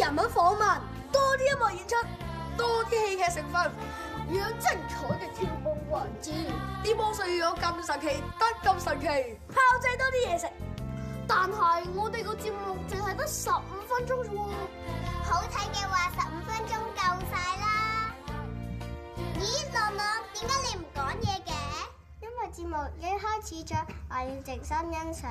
人物訪問，多啲音樂演出，多啲戲劇成分，要精彩嘅跳舞環節，啲魔術要有咁神奇得咁神奇，炮製多啲嘢食。但係我哋個節目淨係得十五分鐘咋，好睇嘅話十五分鐘夠晒啦。咦，樂樂，點解你唔講嘢嘅？因為節目已經開始咗，我要靜心欣賞。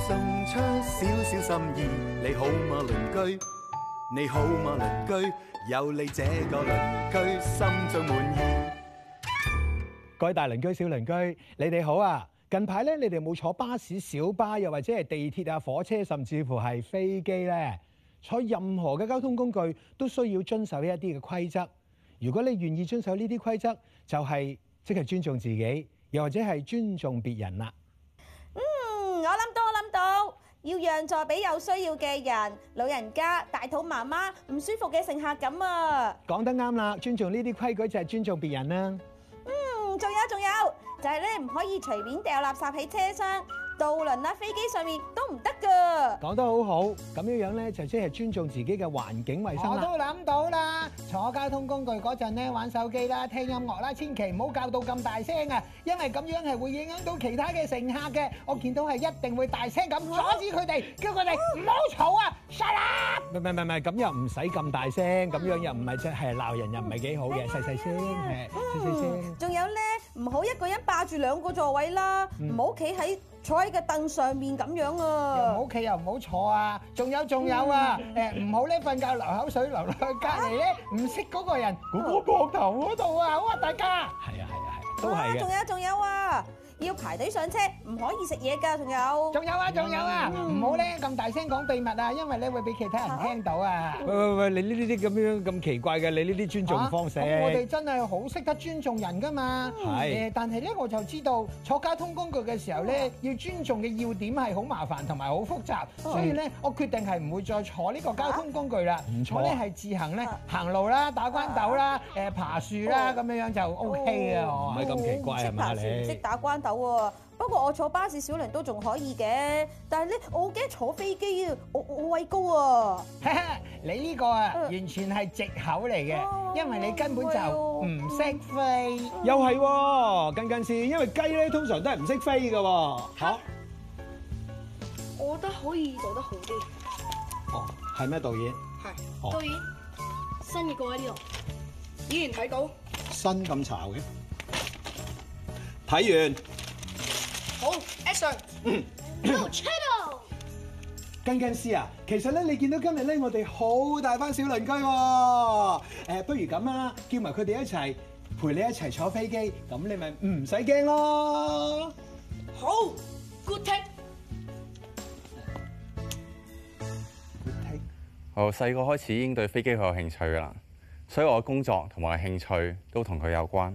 送出少少心意，你好嗎鄰居？你好嗎鄰居？有你這個鄰居，心最滿意。各位大鄰居、小鄰居，你哋好啊！近排咧，你哋冇坐巴士、小巴，又或者係地鐵啊、火車，甚至乎係飛機咧？坐任何嘅交通工具，都需要遵守一啲嘅規則。如果你願意遵守呢啲規則，就係即係尊重自己，又或者係尊重別人啦。要讓座俾有需要嘅人，老人家、大肚媽媽、唔舒服嘅乘客咁啊！講得啱啦，尊重呢啲規矩就係尊重別人啦。嗯，仲有仲有，就係你唔可以隨便掉垃圾喺車廂。渡輪啦、飛機上面都唔得噶。講得好好，咁樣樣咧就即係尊重自己嘅環境衞生啊！我都諗到啦，坐交通工具嗰陣咧玩手機啦、聽音樂啦，千祈唔好教到咁大聲啊！因為咁樣係會影響到其他嘅乘客嘅。我見到係一定會大聲咁阻止佢哋，叫佢哋唔好嘈啊！沙啦！唔唔唔唔，咁又唔使咁大聲，咁樣又唔係即係鬧人又唔係幾好嘅，細細聲，細細聲。仲有咧，唔好一個人霸住兩個座位啦，唔好企喺。坐喺個凳上面咁樣啊！唔好企又唔好坐啊！仲有仲有啊！誒唔好咧瞓覺流口水流落去隔離咧，唔、啊、識嗰個人攰我、嗰個、膊頭嗰度啊！好啊大家！係啊係啊係、啊啊，都係啊！仲有仲有啊！要排隊上車，唔可以食嘢㗎，仲有？仲有啊，仲有啊！唔好咧咁大聲講秘密啊，因為咧會俾其他人聽到啊！喂喂喂，你呢呢啲咁樣咁奇怪嘅，你呢啲尊重方式？我哋真係好識得尊重人㗎嘛！係，但係咧我就知道坐交通工具嘅時候咧，要尊重嘅要點係好麻煩同埋好複雜，所以咧我決定係唔會再坐呢個交通工具啦。唔錯，我咧係自行咧行路啦，打關鬥啦，誒爬樹啦，咁樣樣就 OK 啊！唔係咁奇怪係嘛？你唔識打關鬥。走喎，不過我坐巴士小輪都仲可以嘅，但係咧我好驚坐飛機啊，我我畏高啊。你呢個啊，完全係借口嚟嘅，因為你根本就唔識飛。又係，跟跟先，因為雞咧通常都係唔識飛噶。吓，我覺得可以做得好啲。哦，係咩導演？係導演，新嘅過喺呢度，依然睇到新咁潮嘅，睇完。好，Action！No channel！跟跟師啊，其實咧，你見到今日咧，我哋好大班小鄰居喎，啊。不如咁啊，叫埋佢哋一齊陪你一齊坐飛機，咁你咪唔使驚咯。好，Good take。我細個開始已經對飛機好有興趣㗎啦，所以我嘅工作同埋興趣都同佢有關。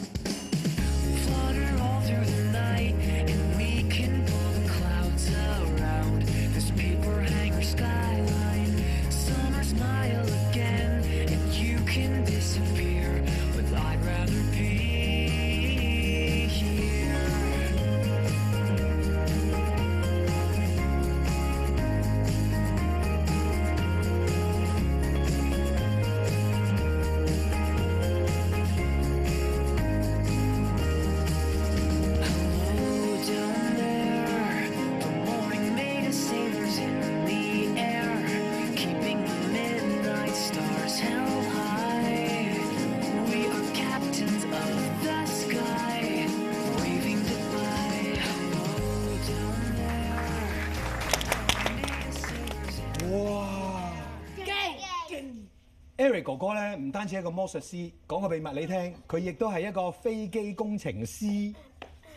Eric 哥哥咧唔單止係一個魔術師，講個秘密你聽，佢亦都係一個飛機工程師。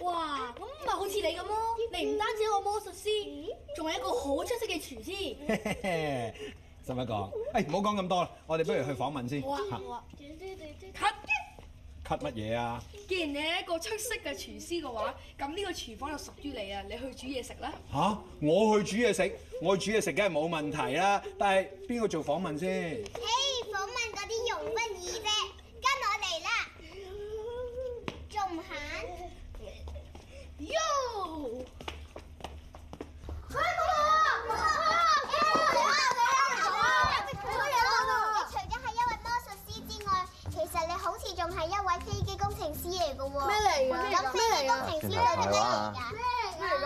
哇，咁咪好似你咁咯？你唔單止係一個魔術師，仲係一個好出色嘅廚師。使乜講，誒唔好講咁多啦，我哋不如去訪問先。我啊，姐姐姐，吸、啊，吸乜嘢啊？既然你係一個出色嘅廚師嘅話，咁呢個廚房就屬於你啊！你去煮嘢食啦。吓、啊？我去煮嘢食，我去煮嘢食梗係冇問題啦。但係邊個做訪問先？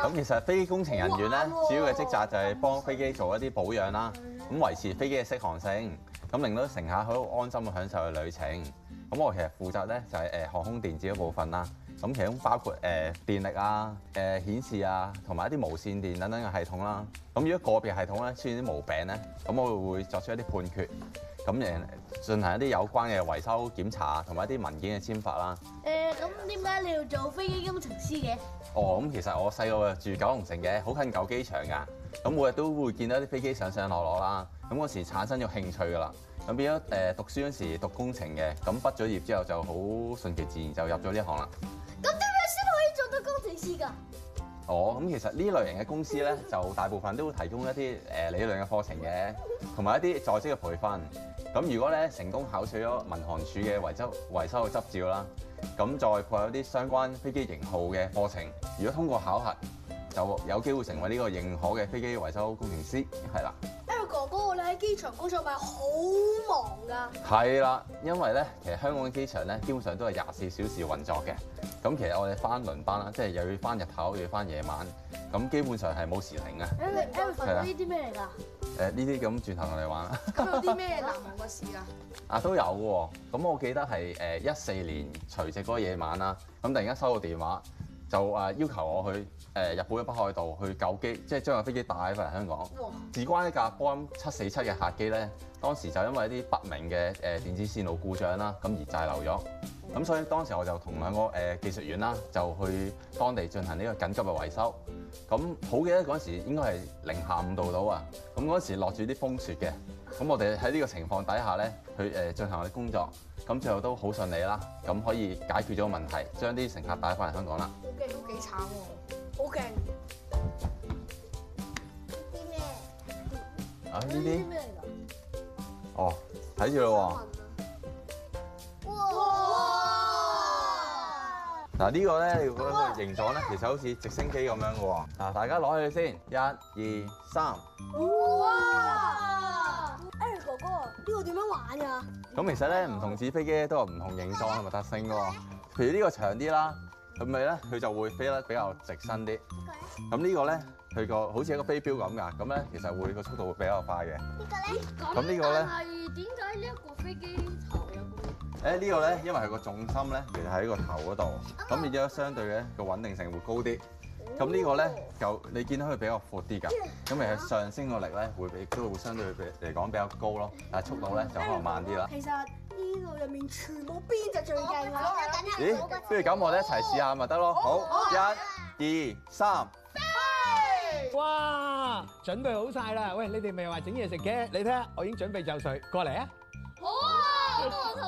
咁其實飛機工程人員咧，主要嘅職責就係幫飛機做一啲保養啦，咁維持飛機嘅適航性，咁令到乘客可以安心嘅享受佢旅程。咁我其實負責咧就係誒航空電子嗰部分啦。咁其中包括誒、呃、電力啊、誒、呃、顯示啊，同埋一啲無線電等等嘅系統啦、啊。咁如果個別系統咧出現啲毛病咧，咁我會作出一啲判決，咁誒進行一啲有關嘅維修檢查同埋一啲文件嘅簽發啦、啊。誒咁點解你要做飛機工程師嘅？哦，咁其實我細個住九龍城嘅，好近舊機場噶。咁每日都會見到啲飛機上上落落啦。咁嗰時產生咗興趣噶啦。咁變咗誒、呃、讀書嗰時讀工程嘅，咁畢咗業之後就好順其自然就入咗呢一行啦。哦，咁其實呢類型嘅公司呢，就大部分都會提供一啲誒、呃、理論嘅課程嘅，同埋一啲在職嘅培訓。咁如果呢成功考取咗民航處嘅維修維修嘅執照啦，咁再配合一啲相關飛機型號嘅課程，如果通過考核，就有機會成為呢個認可嘅飛機維修工程師，係啦。機場工作咪好忙噶？係啦，因為咧，其實香港機場咧，基本上都係廿四小時運作嘅。咁其實我哋翻輪班啦，即係又要翻日頭，又要翻夜晚，咁基本上係冇時停嘅。誒、欸，你、欸、問、呃、我呢啲咩嚟噶？誒，呢啲咁轉頭同你玩。有啲咩難忘嘅事啊？ 啊，都有嘅、哦。咁我記得係誒一四年除夕嗰個夜晚啦，咁突然間收到電話。就誒要求我去誒日本嘅北海道去救機，即係將架飛機帶翻嚟香港。至只關一架波音七四七嘅客機咧，當時就因為啲不明嘅誒電子線路故障啦，咁而滯留咗。咁所以當時我就同兩個誒技術員啦，就去當地進行呢個緊急嘅維修。咁好記得，嗰陣時應該係零下五度到啊！咁嗰陣時落住啲風雪嘅。咁我哋喺呢個情況底下咧，去誒、呃、進行我哋工作，咁最後都好順利啦，咁可以解決咗個問題，將啲乘客帶翻嚟香港啦、嗯。好勁，都幾慘喎，好勁！啲咩？啊呢啲、啊？哦，睇住咯喎！哇！嗱、啊呢個、呢個咧，如果佢形狀咧，其實好似直升機咁樣嘅喎。嗱、啊，大家攞去先，一、二、三。呢個點樣玩呀？咁其實咧，唔同紙飛機咧都有唔同形狀同埋特性嘅喎。譬如呢個長啲啦，佢咪咧佢就會飛得比較直身啲。咁呢個咧，佢個好似一個飛鏢咁噶。咁咧，其實會個速度會比較快嘅。呢個咧，咁呢個咧，係點解呢一個飛機頭有冇？誒，呢個咧，因為佢個重心咧其實喺個頭嗰度，咁然之後相對咧個穩定性會高啲。咁呢個咧就你見到佢比較闊啲㗎，咁而係上升個力咧會比都會相對嚟講比較高咯，但係速度咧就可能慢啲啦。其實呢度入面全部邊隻最勁啊？咦？不如咁，我哋一齊試下咪得咯。好，一、二、三，開！哇，準備好晒啦！喂，你哋咪話整嘢食嘅，你睇下，我已經準備就緒，過嚟啊！好啊！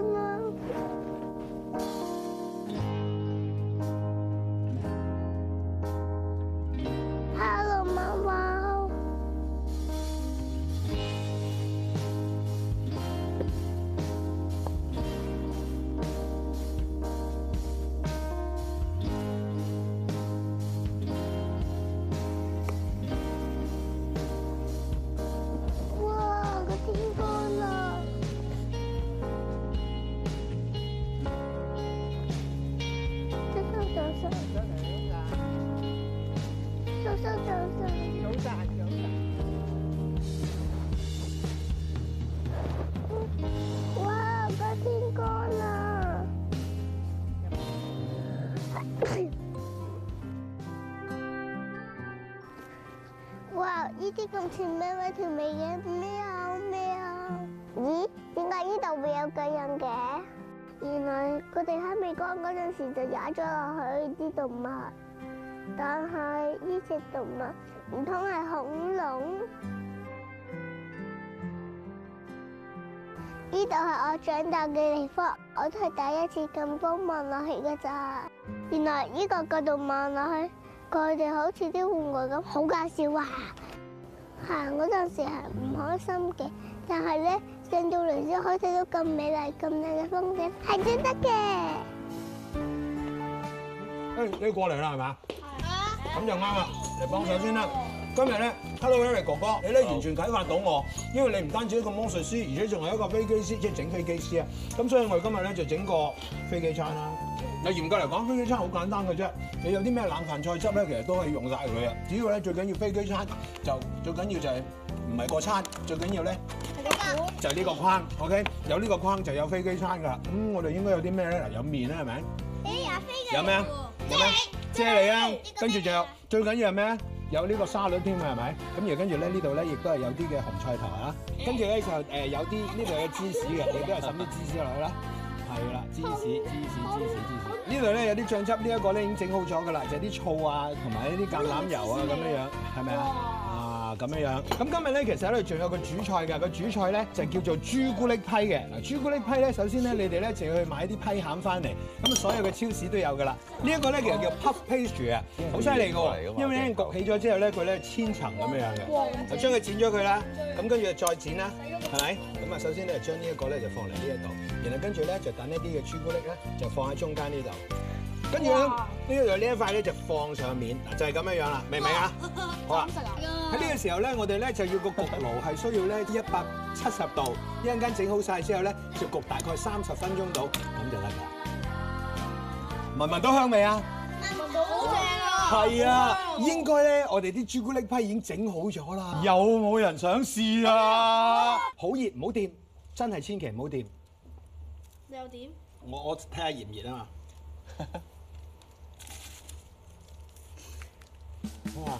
呢啲咁似咩咩條尾嘅咩啊咩啊？咦？點解呢度會有咁樣嘅？原來佢哋喺未乾嗰陣時就踩咗落去啲動物，但係呢隻動物唔通係恐龍？呢度係我長大嘅地方，我都係第一次咁高望落去嘅咋。原來呢個嘅動物落去，佢哋好似啲玩具咁，好搞笑啊！行嗰陣時係唔開心嘅，但係咧上到嚟先可以睇到咁美麗、咁靚嘅風景，係值得嘅。誒，你過嚟啦係咪？係啊。咁就啱啦，嚟幫手先啦。今日咧，Hello Eric 哥哥，你咧完全啟發到我，因為你唔單止一個魔術師，而且仲係一個飛機師，即係整飛機師啊！咁所以我今日咧就整個飛機餐啦。嗱，嚴 格嚟講，飛機餐好簡單嘅啫，你有啲咩冷飯菜汁咧，其實都可以用晒佢啊。主要咧最緊要飛機餐就最緊要就係唔係個餐，最緊要咧就係、是、呢個框。OK，有呢個框就有飛機餐噶啦。咁我哋應該有啲咩咧？有麵咧係咪？有有咩？有咩？遮嚟啊！跟住就有是什麼最緊要係咩？有呢個沙律添嘛，係咪？咁而跟住咧，呢度咧亦都係有啲嘅紅菜頭啊，跟住咧就誒、呃、有啲呢度嘅芝士嘅，亦 都係揼啲芝士落去啦。係啦，芝士、芝士、芝士、芝士。呢度咧有啲醬汁，這個、呢一個咧已經整好咗㗎啦，就係、是、啲醋啊，同埋呢啲橄欖油啊咁樣樣，係咪啊？哦咁樣樣，咁今日咧其實喺度仲有個主菜㗎，個主菜咧就叫做朱古力批嘅。嗱，朱古力批咧，首先咧你哋咧就要去買啲批餡翻嚟，咁所有嘅超市都有㗎啦。呢一個咧其實叫 puff pastry 啊，好犀利嘅喎，因為咧焗起咗之後咧，佢咧千層咁樣嘅，就將佢剪咗佢啦，咁跟住再剪啦，係咪？咁啊，首先咧將呢一個咧就放嚟呢一度，然後跟住咧就等一啲嘅朱古力咧就放喺中間呢度，跟住呢度呢一塊咧就放上面，就係咁樣樣啦，明唔明啊？好啊。喺呢個時候咧，我哋咧就要個焗爐係 需要咧一百七十度，一陣間整好晒之後咧，就焗大概三十分鐘到，咁就得㗎。聞唔聞到香味啊？聞到好正啊！係啊，應該咧，我哋啲朱古力批已經整好咗啦，啊。有冇人想試啊？好 熱，唔好掂，真係千祈唔好掂。你又點？我我睇下熱唔熱啊嘛。 哇！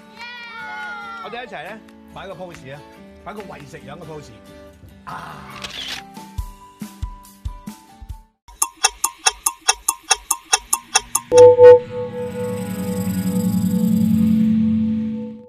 我哋一齊咧，擺個 pose 啊，擺個為食樣嘅 pose 啊。